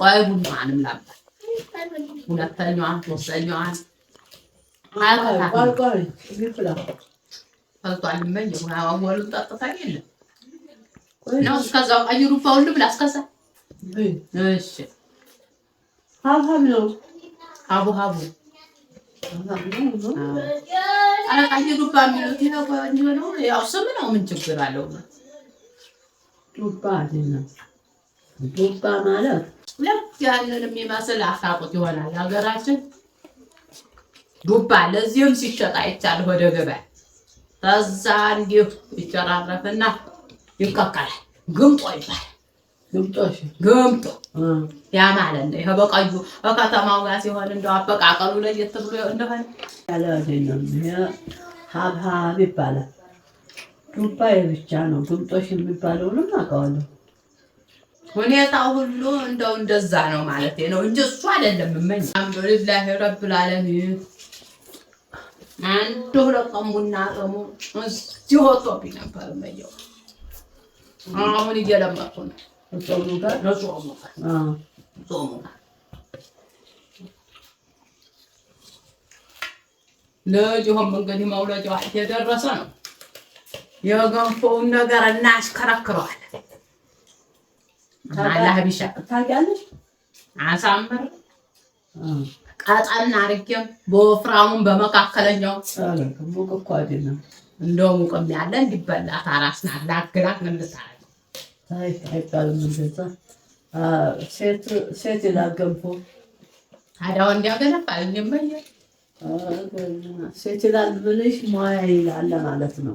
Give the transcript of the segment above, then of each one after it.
ቆይ ቡናዋንም ላምጣ። ሁለተኛዋን፣ ሶስተኛዋን ፈልቷልመኝ ወሉን ጠጥታኝ የለም ነው እስከዛው ቀይ ሩፋውን ልብላ እስከዛ እሺ ሀብሀብ ነው ሀቡ ሀቡ ኧረ የሚሉት ያው ስም ነው ምን ችግር አለው ዱባ ዱባ ማለት ልክ ያለንም የሚመስል አሳቁት ይሆናል ሀገራችን ዱባ። ለዚህም ሲሸጣ ይቻል ወደ ገበያ ከዛ እንዲሁ ይጨራረፍና ይቀቀላል። ግምጦ ይባላል። ግምጦ ያ ማለት ነው። ይሄ በቀዩ በከተማው ጋር ሲሆን እንደው አበቃቀሉ ለየት ብሎ እንደሆነ ሀብሀብ ይባላል። ዱባ ብቻ ነው። ግምጦሽ የሚባለውንም አውቀዋለሁ ሁኔታው ሁሉ እንደው እንደዛ ነው ማለት ነው እንጂ እሱ አይደለም። ምን አልሐምዱሊላህ ረብል ዓለሚን አንድ ሁለት ቀን ቡና አቅሙ እዚህ ወጥቶብኝ ነበር። እመየው አሁን እየለመድኩ ነው። ልጅም እንግዲህ መውለጃው የደረሰ ነው። የገንፎውን ነገር እናሽከረክረዋለን ላህቢሻ ታውቂያለሽ? አሳምር ቀጠን አድርጌም በወፍራሙን በመካከለኛው ሙቅ እኮ አይደለም፣ እንደው ሙቅም ያለ እንዲበላ ታራስና ላግላቅ ምንታረግ አይባልም። እንደዛ ሴት ይላገንፎ ታዲያ ወንድ እንዲመየ ሴት ይላል ብልሽ ሙያ ይላለ ማለት ነው።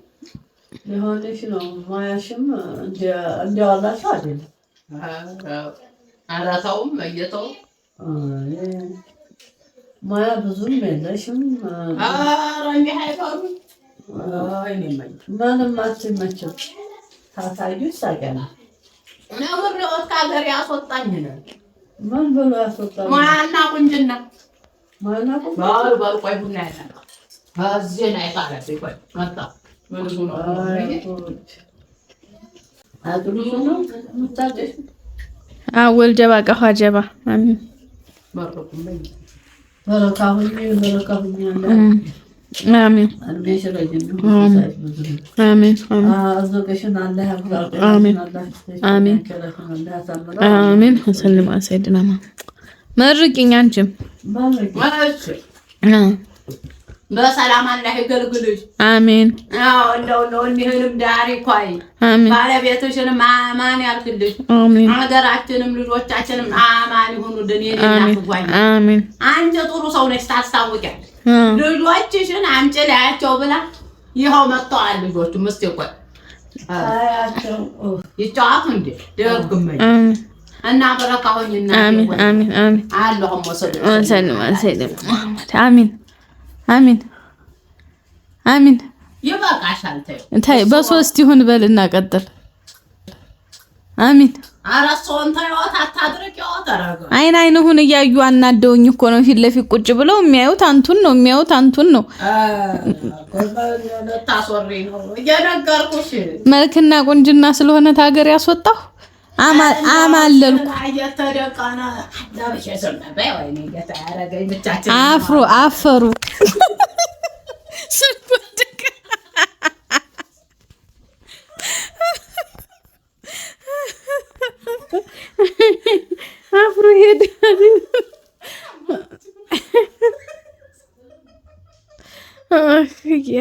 የሆነሽ ነው ማያሽም እንዲያው አላቸው አይደለም አራታውም እየተው ማያ ብዙም የለሽም። ምንም አትመችም። ታሳዩ ይሳቀና ነብሬዎት ከሀገር ያስወጣኝ ነው። ምን ብሎ ያስወጣ? ሙያና ቁንጅና ሙያና ቁንጅና ባል ባል ቆይ ቡና ያላ ሀዜን አይቃለብኝ ቆይ መጣ መልሶ ነው አወል ጀባ ቀኋ ጀባ አሚን አሚን ሰልማ በሰላም አላህ ይገልግልሽ። አሜን። አዎ እንደው ነው እንዲህንም ዳሪ ኳይ አሜን። ባለቤትሽንም አማን ያርግልሽ። አሜን። ሀገራችንም ልጆቻችንም አማን ይሁኑልን። የኔና ጓኝ አሜን። አንቺ ጥሩ ሰው ነሽ፣ ታስታውቂያለሽ። ልጆችሽን አምጪ ላያቸው ብላ ይኸው መጥተዋል። ልጆቹ ምስት ይቆይ ይጫወቱ እንዴ ደግመኝ እና በረካ ሆኝና አሜን አሜን አሜን አላሁም ወሰለም ወሰለም ወሰለም አሜን አሚን አሚን። ይበቃሻል። ተይው በሶስት ይሁን በል እናቀጥል። አሚን አይን አይንሁን እያዩ አናደውኝ እኮ ነው። ፊት ለፊት ቁጭ ብለው የሚያዩት አንቱን ነው የሚያዩት አንቱን ነው። ነው መልክና ቁንጅና ስለሆነ ታገር ያስወጣሁ አማለልኩ አፍሮ አፈሩ። አፍሮ ይሄዳል።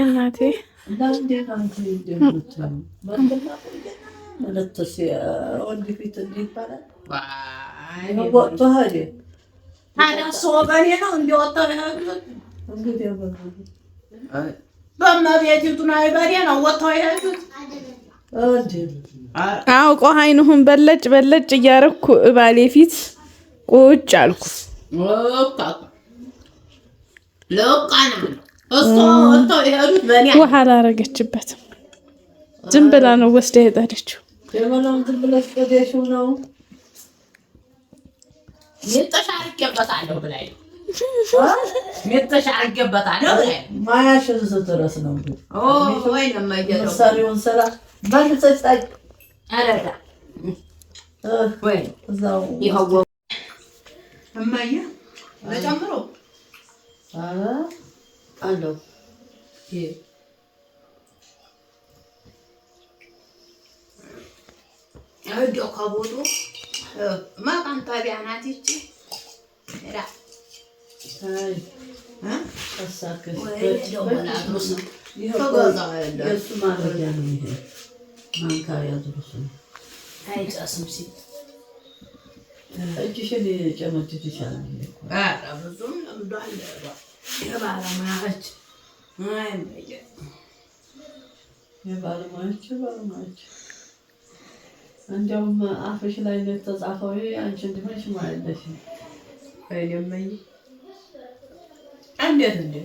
እናቴ ሁለት ወንድ ፊት እንዲህ ይባላል። ወጥቶ ሄደ። ታዲያ እሱ ወገኔ ነው እንዲወጣ እንግዲህ በእመቤቲቱን አይበሬ አውቆ አይንሁን በለጭ በለጭ እያረኩ ባሌ ፊት ቁጭ አልኩ። ውሃ አላረገችበትም። ዝም ብላ ነው ወስዳ የጣለችው። የበለውን ዝም ብለሽ ቅቤሽው ነው ሚጥሽ አድርጌበታለሁ ብላኝ ነው ሚጥሽ ብላኝ ነው ማያሽን ስትረስ ነው ምሳሌውን ስራ ባልጸጻጭ አረዳ እዛው ይኸው እማዬ ጨምሮ አለው هدي كبودو ما كان طبيعة ناتيتي لا هاي ها الساكت Göğsüm ağrı gelmiyor. Ankara'ya durursun. Hayır, asım sit. Hiç şey değil, canım tütü çalmıyor. Ha, Ramazan, Ramazan. Ya bağlama aç. Hayır, ne bağlama aç, ya bağlama aç. እንዲያውም አፍሽ ላይ ነው የተጻፈው። አንቺ እንዲሆንሽ ማለሽ አይደመኝ እንዴት እንዴ!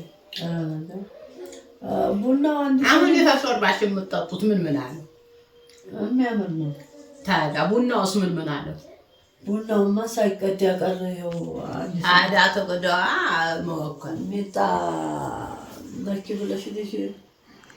ቡና አንድ አሁን የታሾርባችሁ የምትጠጡት ምን ምን አለ? የሚያምር ነው። ታዲያ ቡናውስ ምን ምን አለ? ቡናውማ ሳይቀዳ ቀረ። ይኸው አዳ ተቀዳ መወከል ሚጣ ለኪ ብለሽ ልሽ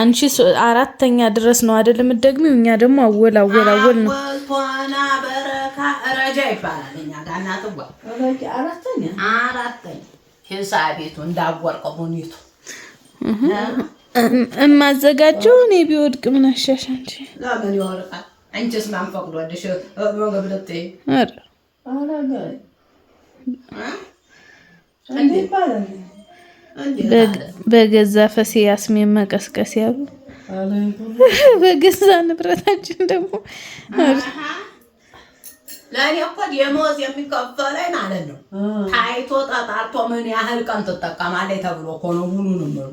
አንቺ አራተኛ ድረስ ነው አይደል የምትደግሚው? እኛ ደግሞ አወል አወል አወል ነው። በረካ ረጃ ይባላል እኛ ጋር እናትዋ አራተኛ አራተኛ ቤቱ እንዳወርቀው ሁኔቱ እማዘጋጀው እኔ ቢወድቅ ምን አሻሽ አንቺ ለምን ይወርቃል? አንቺስ ማን ፈቅዶልሽ? ኧረ በገዛ ፈሴ ያስሜ መቀስቀስ ያሉ በገዛ ንብረታችን ደግሞ ለእኔ እኮ የመወዝ የሚከፈለኝ ማለት ነው። ታይቶ ተጣርቶ ምን ያህል ቀን ትጠቀማለች ተብሎ እኮ ነው። ሁሉንም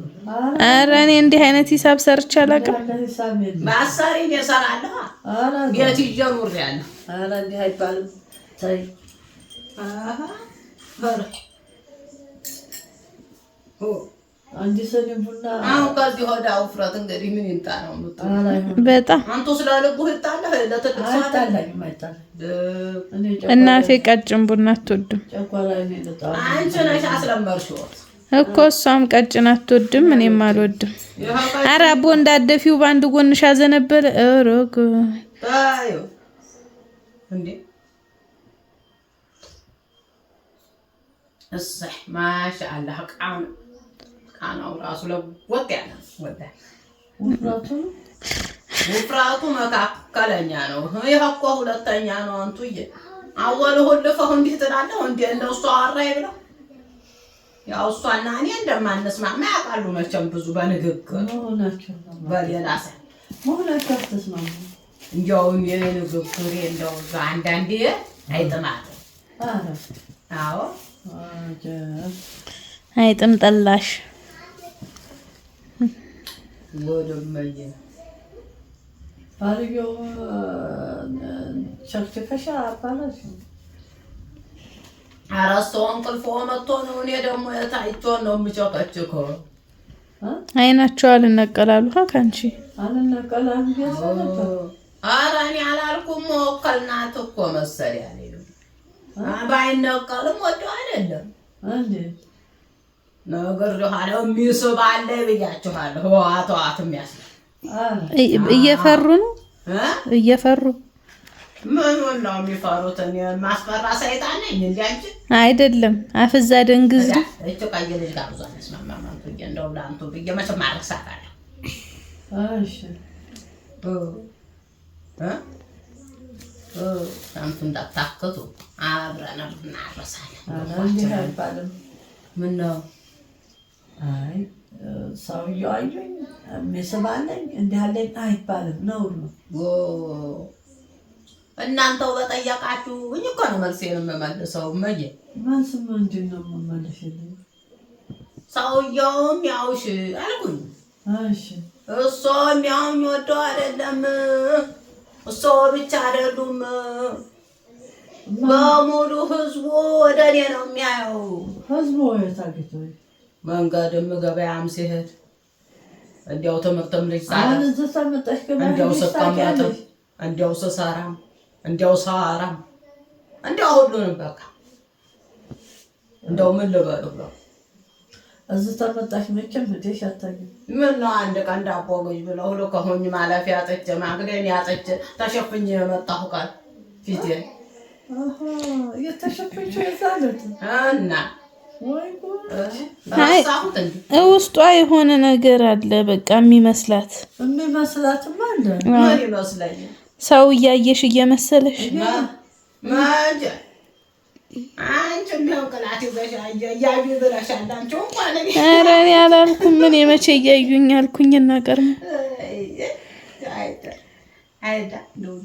ኧረ እኔ እንዲህ አይነት ሂሳብ ሰርቼ አላውቅም። በአሰሪ እሰራለሁ ቤት ይዤ ኑሬያለሁ። እናቴ ቀጭን ቡና አትወድም እኮ እሷም ቀጭን አትወድም እኔም አልወድም ኧረ አቦ እንዳደፊው በአንድ ጎንሽ አዘነበለ ሮግ ማሻአላህ ቃናው ራሱ ለወጥ ያለ ወጣ ውፍራቱ መካከለኛ ነው። ይህ እኮ ሁለተኛ ነው። አንቱዬ አወል ሁልፈው እንዲህ ትላለህ። እንዲህ እንደው እሷ አወራኝ ብለው ያው እሷና እኔ እንደማንስማማ ያውቃሉ መቼም ብዙ በንግግር አይጥም ጠላሽ ጎድመዬ ባልየው ቸክቸከሻ አባላሽ አራስቶ እንቅልፎ መጥቶ ነው። እኔ ደግሞ የታይቶን ነው የምቸከችከው። አይናቸው አልነቀላሉ ከአንቺ አልነቀላሉ። ኧረ እኔ አላልኩም። መወከል እኮ መሰለኝ። ባይነቀልም ወደው አይደለም ነግሬሃለሁ። ሚስብ አለ ብያችኋለሁ። አተዋት የሚያስ እየፈሩ ነው እየፈሩ ምኑን ነው የሚፈሩት? ማስፈራ ሰይጣን ነኝ እንደ አንቺ አይደለም። አፍዛ ደንግዝ ነው ቀይ ልጅ ጋር ብዙ አልስማማም ብዬ እንደው ለአንቱ ብዬ መቼም አልሳታለሁ። እሺ እንዳታክቱ አብረን እናረሳለን። ምነው አይ ሰውየው አዩኝ ምስብ አለኝ እንዲህ አለኝ አይባልም፣ ነውር ነው። እናንተው እኮ ነው የምመልሰው። መየ መልስ ምንድን ነው የምመልስልኝ? ሰውየውም ያውሽ አልኩኝ። እሺ ወደው አይደለም እሱ ብቻ አይደሉም፣ በሙሉ ህዝቡ ወደ እኔ ነው የሚያየው። ህዝቡ መንገድም ገበያም ሲሄድ እንዲያው ትምህርትም ልጅ እንዲያው ስቀመጥም እንዲያው ስሰራም እንዲያው ሰራም እንዲያው ሁሉንም በቃ እንደው ምን ልበሉ ብለው እዚህ ተመጣሽ መቼም ሄደሽ አታውቂም። ምን ነው አንድ ቀን ዳቦ ገዥ ብለው ልከውኝ ማለፊያ አጥቼ ማግደን ያጥቼ ተሸፍኜ የመጣሁ ቃል ፊቴ እየተሸፈንሽ እና ውስጧ የሆነ ነገር አለ። በቃ የሚመስላት ሰው እያየሽ እየመሰለሽ ኧረ እኔ አላልኩም። ምን የመቼ እያዩኝ አልኩኝ። እናቀር ነው